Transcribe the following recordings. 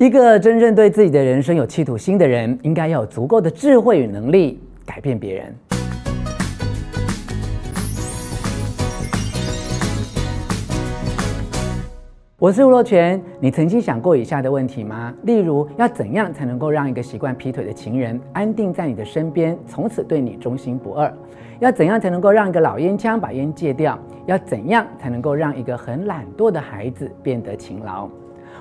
一個真正對自己的人生有企圖心的人，應該要有足夠的智慧與能力改變別人。我是吳若權，你曾經想過以下的問題嗎？例如，要怎樣才能夠讓一個習慣劈腿的情人安定在你的身邊，從此對你忠心不二？要怎樣才能夠讓一個老菸槍把菸戒掉？要怎樣才能夠讓一個很懶惰的孩子變得勤勞？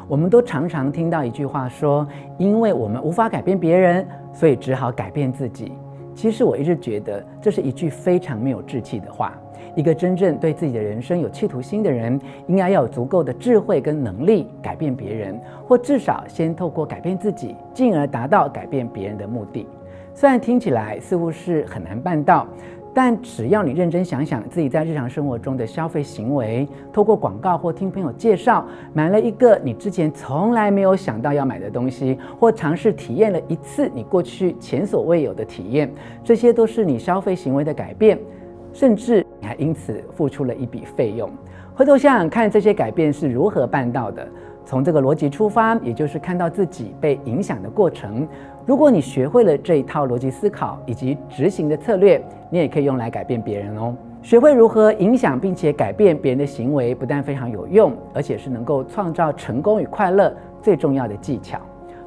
我們都常常聽到一句話說：“因為我們無法改變別人，所以只好改變自己。”其實我一直覺得這是一句非常沒有志氣的話。一個真正對自己的人生有企圖心的人，應該要有足夠的智慧跟能力改變別人，或至少先透過改變自己，進而達到改變別人的目的。雖然聽起來似乎是很難辦到。但只要你認真想想自己在日常生活中的消費行為，透過廣告、或聽朋友介紹買了一個你之前從來沒有想到要買的東西，或嘗試體驗了一次你過去前所未有的體驗，這些都是你消費行為的改變，甚至你還因此付出了一筆費用。回頭想想看，這些改變是如何辦到的？從這個邏輯出發，也就是看到自己被影響的過程。如果你學會了這一套邏輯思考以及執行的策略，你也可以用來改變別人哦。學會如何影響並且改變別人的行為，不但非常有用，而且是能夠創造成功與快樂最重要的技巧。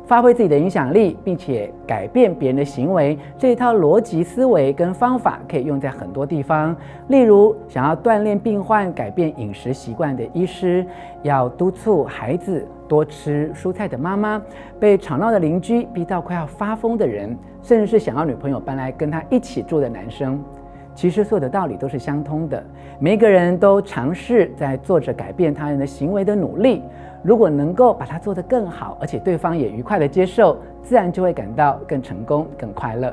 發揮自己的影響力，並且改變別人的行為，這一套邏輯思維跟方法可以用在很多地方。例如，想要鍛鍊病患改變飲食習慣的醫師，要督促孩子多吃蔬菜的媽媽，被吵鬧的鄰居逼到快要發瘋的人，甚至是想要女朋友搬來跟他一起住的男生。其實所有的道理都是相通的，每一個人都嘗試在做着改變他人的行為的努力。如果能夠把它做得更好，而且對方也愉快地接受，自然就會感到更成功、更快樂。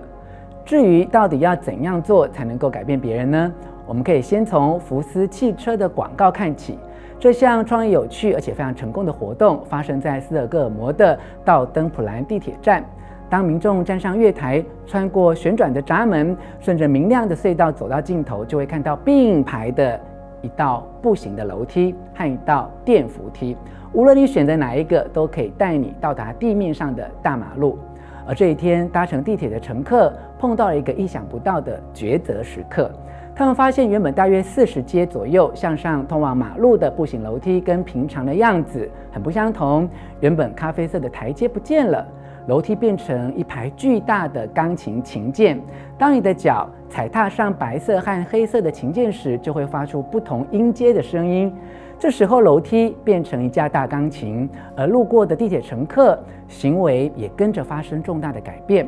至於到底要怎樣做才能夠改變別人呢？我們可以先從福斯汽車的廣告看起。這項創意有趣而且非常成功的活動發生在斯德哥爾摩的道登普蘭地鐵站。當民眾站上月台，穿過旋轉的閘門，順着明亮的隧道走到盡頭，就會看到並排的一道步行的樓梯和一道電扶梯。無論你選擇哪一個，都可以帶你到達地面上的大馬路。而這一天，搭乘地鐵的乘客碰到了一個意想不到的抉擇時刻。他們發現，原本大約四十階左右向上通往馬路的步行樓梯，跟平常的樣子很不相同。原本咖啡色的台階不見了。樓梯變成一排巨大的鋼琴琴鍵，當你的腳踩踏上白色和黑色的琴鍵時，就會發出不同音階的聲音。這時候，樓梯變成一架大鋼琴，而路過的地鐵乘客行為也跟着發生重大的改變。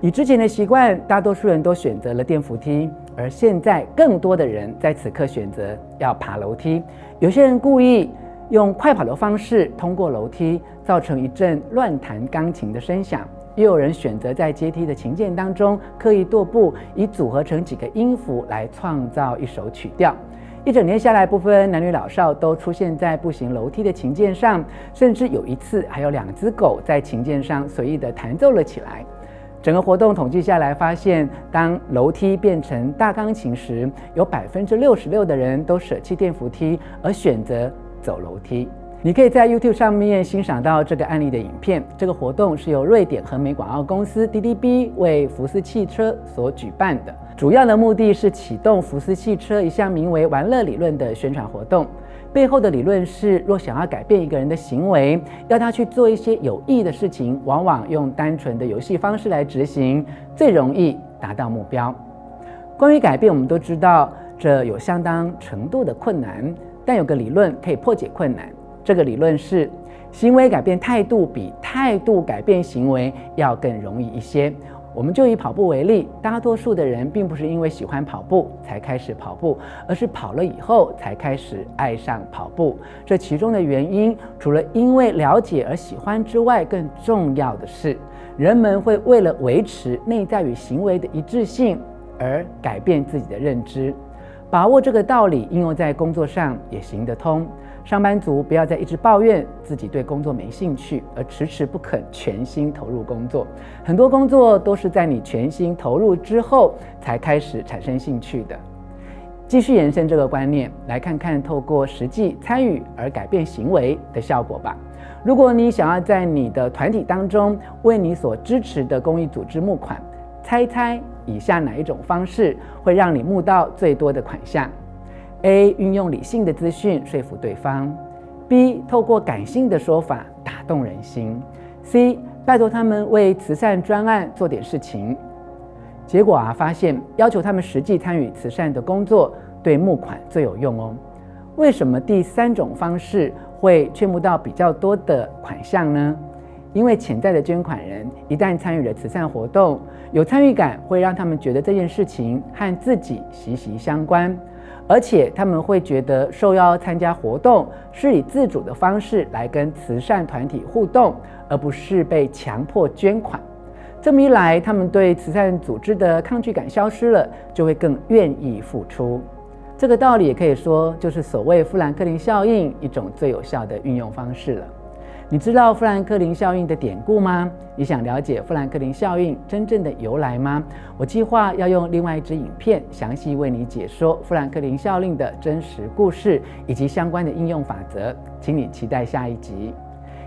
以之前的習慣，大多數人都選擇了電扶梯，而現在更多的人在此刻選擇要爬樓梯。有些人故意。用快跑的方式通過樓梯，造成一陣亂彈鋼琴的聲響。又有人選擇在階梯的琴鍵當中刻意踱步，以組合成幾個音符來創造一首曲調。一整天下來，不分男女老少都出現在步行樓梯的琴鍵上，甚至有一次還有兩隻狗在琴鍵上隨意地彈奏了起來。整個活動統計下來發現，當樓梯變成大鋼琴時，有百分之六十六的人都捨棄電扶梯而選擇。走樓梯，你可以在 YouTube 上面欣賞到這個案例的影片。這個活動是由瑞典恆美廣告公司 DDB 為福斯汽車所舉辦的，主要的目的是啟動福斯汽車一項名為“玩樂理論”的宣傳活動。背後的理論是，若想要改變一個人的行為，要他去做一些有意義的事情，往往用單純的遊戲方式來執行，最容易達到目標。關於改變，我們都知道這有相當程度的困難。但有個理論可以破解困難，這個理論是：行為改變態度比態度改變行為要更容易一些。我們就以跑步為例，大多數的人並不是因為喜歡跑步才開始跑步，而是跑了以後才開始愛上跑步。這其中的原因，除了因為了解而喜歡之外，更重要的是，人們會為了維持內在與行為的一致性而改變自己的認知。把握這個道理，應用在工作上也行得通。上班族不要再一直抱怨自己對工作沒興趣，而遲遲不肯全心投入工作。很多工作都是在你全心投入之後才開始產生興趣的。繼續延伸這個觀念，來看看透過實際參與而改變行為的效果吧。如果你想要在你的團體當中為你所支持的公益組織募款。猜猜以下哪一種方式會讓你募到最多的款項？A. 運用理性的資訊說服對方；B. 透過感性的說法打動人心；C. 拜托他們為慈善專案做點事情。結果啊，發現要求他們實際參與慈善的工作，對募款最有用哦。為什麼第三種方式會勸募到比較多的款項呢？因為潛在的捐款人一旦參與了慈善活動，有參與感會讓他們覺得這件事情和自己息息相關，而且他們會覺得受邀參加活動是以自主的方式來跟慈善團體互動，而不是被強迫捐款。這麼一來，他們對慈善組織的抗拒感消失了，就會更願意付出。這個道理也可以說就是所謂富蘭克林效應，一種最有效的運用方式了。你知道富蘭克林效應的典故嗎？你想了解富蘭克林效應真正的由來嗎？我計劃要用另外一支影片詳細為你解說富蘭克林效應的真實故事以及相關的應用法則，請你期待下一集。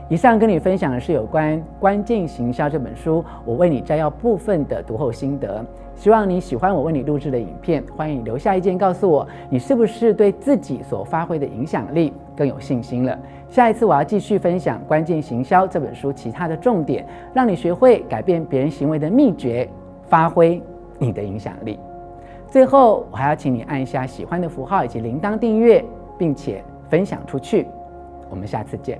以上跟你分享的是有關《關鍵行銷》這本書，我為你摘要部分的讀後心得。希望你喜歡我為你錄制的影片，歡迎你留下意見告訴我，你是不是對自己所發揮的影響力更有信心了？下一次我要繼續分享《關鍵行銷》這本書其他的重點，讓你學會改變別人行為的秘訣，發揮你的影響力。最後，我還要請你按一下喜歡的符號以及鈴鐺訂閱，並且分享出去。我們下次見。